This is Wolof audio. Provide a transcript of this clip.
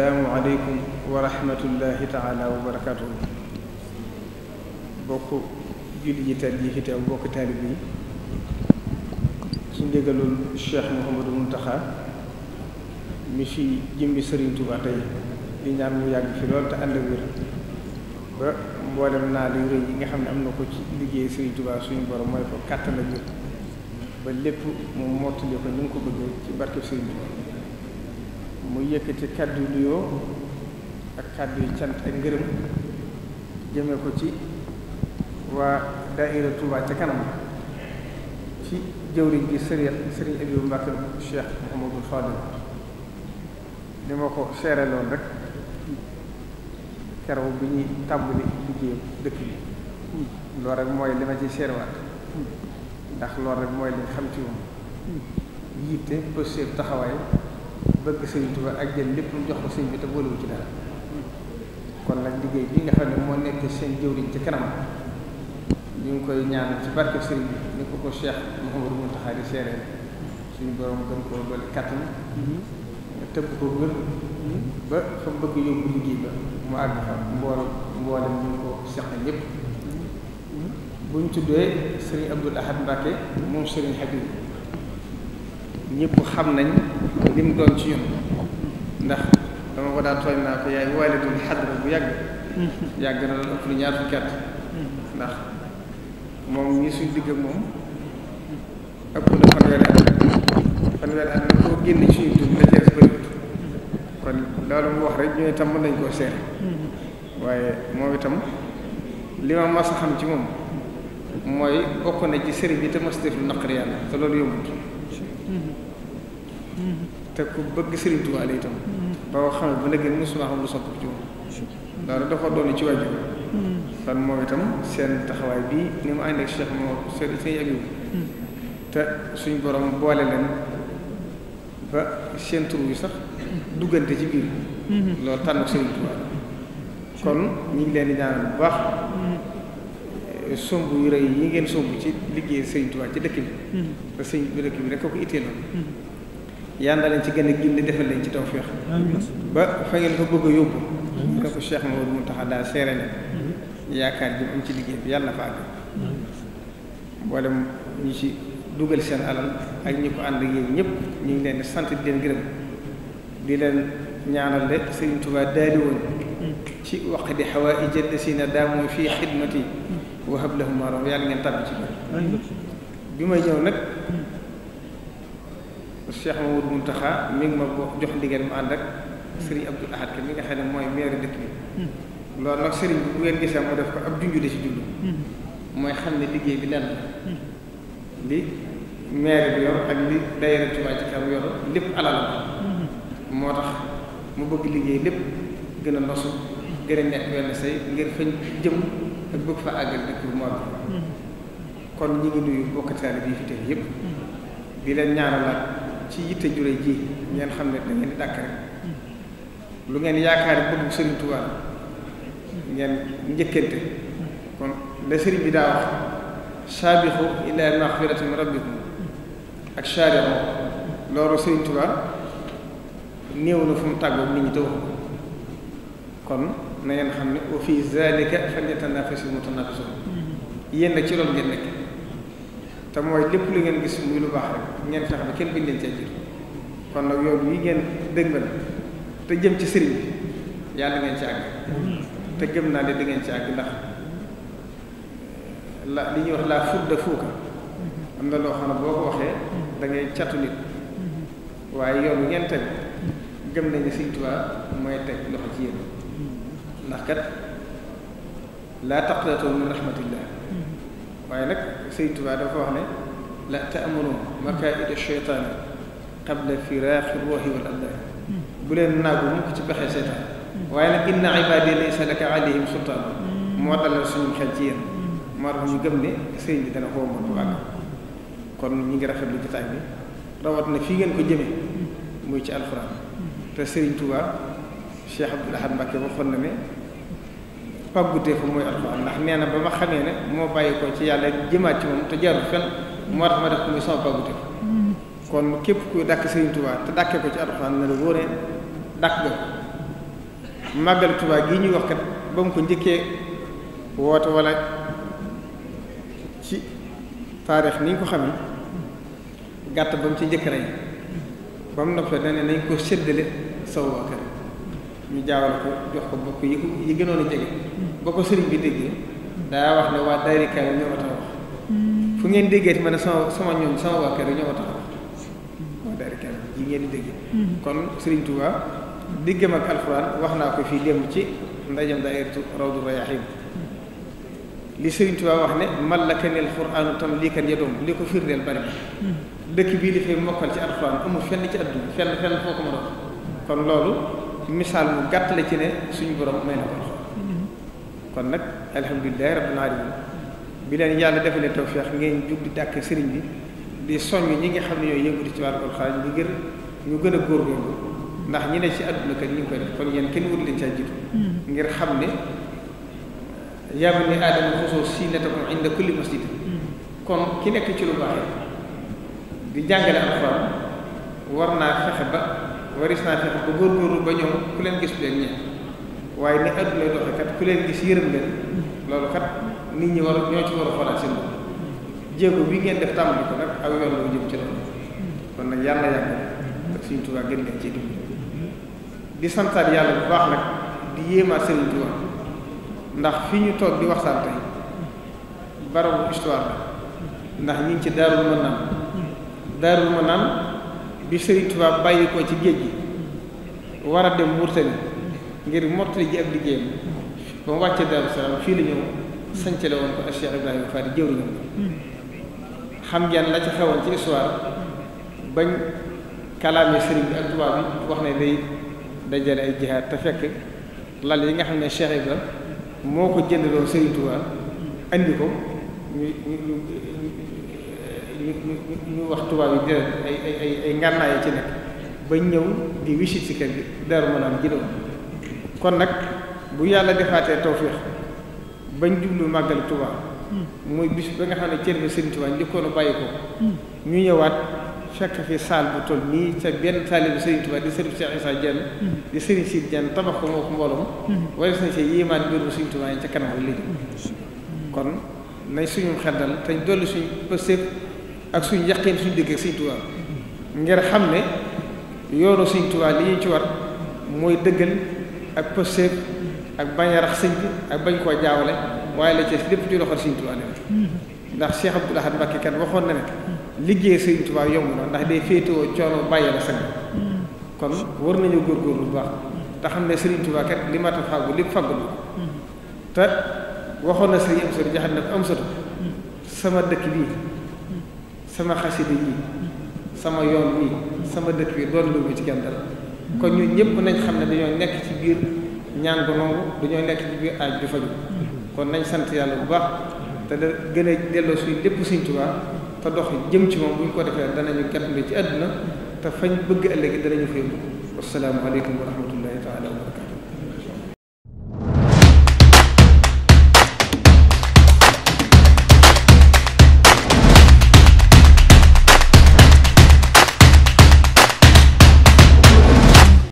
asalaamualeykum wa rahmatullahi taala wa barakatuhu bokk julli ji tel yi fi teew bokk taalib yi ci ndigalul cheikh mouhamadou muntaxa mi fi jëmbi sëriñ tuba tey di ñaan mu yàgg ci lool te ànd wér ba mboolem naa li rëy yi nga xam ne am na ko ci liggéey sëriñ tuba suñu borom mooy ko kàttan ak wér ba lépp mu mottali ko ni mu ko bëggee ci barkeb sëriñ tuba mu yëkkati kàddu yu nuyoo ak kàddu yi cant ak ngërëm jëme ko ci waa daaira Touba ca kanam ci jëwriñ gi sëriñ sëriñ Abibu Mbàkke Cheikh Mouhamadou Fadil li ma ko seereeloon rek keroog bi ñuy tàmbali liggéey dëkk bi loolu rek mooy li ma ci seerewaat ndax loolu rek mooy li xam ci moom yitte taxawaay bëgg sëriñ Tuubaa ak jël lépp mu jox ko sëriñ bi te boolewul ci dara kon nag liggéey bii nga xam ne moo nekk seen jëwriñ ci kanam ñu ngi koy ñaan ci barke sëriñ bi ni ko ko Cheikh Mouhamadou Mountakha di seeree suñu borom gën koo dolli kàttan tëbb ko wër ba fa bëgg yóbbu liggéey ba mu àgg fa mboolo mboolem ñu ko seq ñëpp bu ñu tuddee sëriñ Abdoul Ahad Mbacke moom sëriñ Habib ñëpp xam nañ li mu doon ci ñun ndax dama ko daa tooñ naa ko yaay waalitul xadra bu yàgg mm-hmm. yàgg na la ëpp lu ñaar fukki at mm-hmm. ndax moom ñi suñ digg ak moom ëpp na fanweeri fanweeri at nag koo génn ci ñu dund kon loolu mu wax rek ñu itam mën nañ koo seere mm-hmm. waaye moom itam li ma mas a xam ci moom mooy bokk na ci sëriñ bi te mas def lu naqari yàlla te loolu yombut te ku bëgg Serigne Touba la itam. ba nga xam ne ba léegi mosuma xam lu soppi ci moom. loolu dafa doon ci wàññi. kon moom itam seen taxawaay bii ni mu ànd ak Cheikh moom seen seen yëngu. boole leen ba seen sax duggante ci biir. loolu tànn Serigne Touba kon ñu ngi leen di ñaanal bu baax. sumb yu rëy yi ngeen sumb ci liggéey sëñ Tuubaa ci dëkk bi mm-hmm. te sëñ bi dëkk bi rek a ko ittee la mm-hmm. yàlla leen ci gën a gindi defal leen ci tawfeex ba fa ngeen ko bëgg a yóbbu nga ko Cheikh Maodo Mountakha daal seere ne mm-hmm. yaakaar ji am ci liggéey bi yàlla na fa àgg mboolem ñu ci dugal seen alal ak ñi ko ànd ak yéen ñëpp ñu ngi leen di sant di leen gërëm di leen ñaanal de sëñ Tuubaa daali woon ci waqti xawaa ijal si na daamoo fii xidmati wa hab lahum ma yàlla ngeen tàbbi ci bi may ñëw nag ma Mamadou Mountakha mi ngi ma jox ndigal mu ànd ak Serigne Abdoul Ahad mi nga xam mooy maire dëkk bi loolu nag Serigne bu ngeen gisee mu def ko ab junj la ci junj mooy xam ne liggéey bi lenn li maire bi yor ak li daayira Touba ci kanam yor lépp alal moo tax mu bëgg liggéey lépp gën a nosu gën a nekk wenn say ngir fañ jëm ak bëgg fa àggal dëkk bu mu àgg kon ñu ngi nuyu bokk taalibe yi fi tey yëpp di leen ñaanalaat ci yitte jure ji ngeen xam ne da di dàkk rek lu ngeen yaakaar bëgg Sëriñ Tuubaa ngeen njëkkante kon la sëriñ bi daa wax saabixu ilaa maxfirati min rabbikum ak saari'u loolu Sëriñ Tuubaa néew na fu mu tàggoon nit ñi te kon na ngeen xam ne wa fi zalika falyatanafasi mutanafisun yéen nag ci loolu ngeen nekk te mooy lépp lu ngeen gis muy lu baax rek ngeen tax ba kenn biñ leen cee jiitu kon nag yoon yi ngeen dëgmal te jëm ci sëriñ bi yàlla ngeen ci àgg te gëm naa de da ngeen ci àgg ndax la li ñuy wax la fudda fuuka am na loo xam ne boo ko waxee da ngay catu nit waaye yoon wi ngeen teg gëm nañu Sëriñ mooy teg loxo ci yéen ndax kat laa taqnatoo min rahmatillah waaye nag Sëriñ Tuubaa dafa wax ne la ta'munu makaa'ida sheytaani qabla firaaqi ruuhi wal abdan bu leen naagu mukk ci pexe seytaan waaye nag inna naa laysa laka alayhim sultaan moo dalal suñu xel ci yéen moo gëm ne sëriñ bi dana ko mën bu àgg kon ñi ngi rafetlu jotaay bi rawat na fii ngeen ko jëme muy ci alxuraan te Sëriñ Tuubaa Cheikh Abdoul Ahad Mbacké waxoon na ne pàggutee fa mooy alxuraan ndax nee na ba ma xamee ne moo bàyyi ko ci yàlla jëmaat ci moom te jarul fenn moo tax ma def muy sama pàggutee kon képp kuy dàkk Sëriñ Tuubaa te dàkkee ko ci alxuraan na la wóoree dàkk nga ko màggal Tuubaa gii ñuy wax kat ba mu ko njëkkee woote wala ci taarix ni ñu ko xamee gàtt ba mu ci njëkk rey ba mu noppee dane nañ ko séddale saw waa ñu jaawal ko jox ko bokk yi yi a jege boo ko sëriñ bi déggee daa wax ne waa daayri kaamil ñoo ma tax wax fu ngeen déggee ti ma ne sama sama ñoom sama waa kër ñoo ma tax wax waa daayri kaamil ji ngeen di déggee hmm. kon sëriñ Touba diggam ak alxuraan wax naa ko fii démb ci ndajam daayiratu rawdu rayaxiin li sëriñ Touba wax ne mallakanil xuraanu tam lii kan ya doom li ko firndeel bari hmm. dëkk bii li fay mokkal ci alxuraan amul fenn ci àdduna fenn fenn foo ko mën a kon loolu misaal mu gàtt la ci suñu borom kon nag alhamdulilahi rabbil alamin bi leen yàlla defalee tawfeex ngeen jug di tàkk sëriñ bi di soññ ñi nga xam ne ñooy yëngu di ci wàllu alxuraan ñu gën ñu gën a góorgóorlu ndax ñi ne ci àdduna kat ñu koy def kon yéen kenn wut leen caa jiitu hmm. ngir xam ne yaa banii aadama xusoo zinatakum inda kulli masjid hmm. kon ki nekk ci lu baax di jàngale alxuraan war naa fexe ba waris naa fexe ba góorgóorlu ba ñëw ku leen gis leen ñeen waaye ni adduna doxe kat ku leen gis yërëm leen loolu kat nit ñi war ñoo ci war a xoolaat seen bopp bi ngeen def tàmbali ko nag ak yoon lu jëm ci loolu kon nag yàlla yàgg ak suñu Tuubaa gën leen ci dimbali di santaat yàlla bu baax nag di yéemaat seen Tuubaa ndax fi ñu toog di waxtaan tey barabu histoire la ndax ñu ci Daarul Manaan Daarul Manaan bi Sëriñ Tuubaa bàyyi ko ci géej gi war a dem Mauritanie ngir mottali ji ab liggéeyam ba mu wàccee Daaru Salaam fii la ñëw sancale woon ko ak Cheikh Ibrahima Fall jëwriñam xam ngeen la ca xewoon ci histoire bañ kalaamee sëriñ bi ak tubaab bi wax ne day dajale ay jihaad te fekk lal yi nga xam ne Cheikh Ibra moo ko jëndaloon sëriñ Tuubaa andi ko ñu ñu ñu wax tubaab yi jël ay ay ay ngànnaay ci nekk bañ ñëw di wisit si kër gi Daaru Manaan jëloon kon nag bu yàlla defaatee tawféex bañ jublu màggal Tuubaa muy bis ba nga xam ne cër bi Sëriñ Tuubaa njëkkoon bàyyi ñëwaat fekk fi saal bu toll nii ca benn taalibu Sëriñ Tuubaa di Sëriñ Cheikh Issa Diène di Sëriñ Siid Diène tabax ko moo ko mbooloom wala sañ see yéemaat suñu xeddal te dolli suñu pëstéef ak suñu yaqin suñu dégg ak Sëriñ Tuubaa ngir xam ne yoonu Sëriñ Tuubaa li ñu ci war mooy dëggal ak pëstéef ak bañ a rax sëñ bi ak bañ koo jaawale waaye la ci lépp ci loxo sëñ Tuubaa ne hmm. ndax Cheikh Abdoul Ahad Mbacké kat waxoon na ne liggéey sëñ Tuubaa yomb na ndax day féetoo coono bàyyi la sëñ hmm. kon war nañu góorgóorlu bu baax te xam ne sëriñ Tuubaa kat li mat a fàggu lépp fàggu hmm. te waxoon na sëriñ am satu jaxat ne am satu sama dëkk bii sama xasida yi sama yoon bii sama dëkk bi doon lu mu ci kenn dara kon ñun ñëpp nañ xam ne dañoo nekk ci biir ñaan gu nangu dañoo nekk ci biir aaj du faju kon nañ sant yàlla bu baax te da gën a delloo suy lépp Sëñ Tuubaa te dox jëm ci moom buñ ko defee danañu gàttale ci àdduna te fañ bëgg ëllëg danañu fa yóbbu wassalaamu aleykum wa rahmatullahi taala wa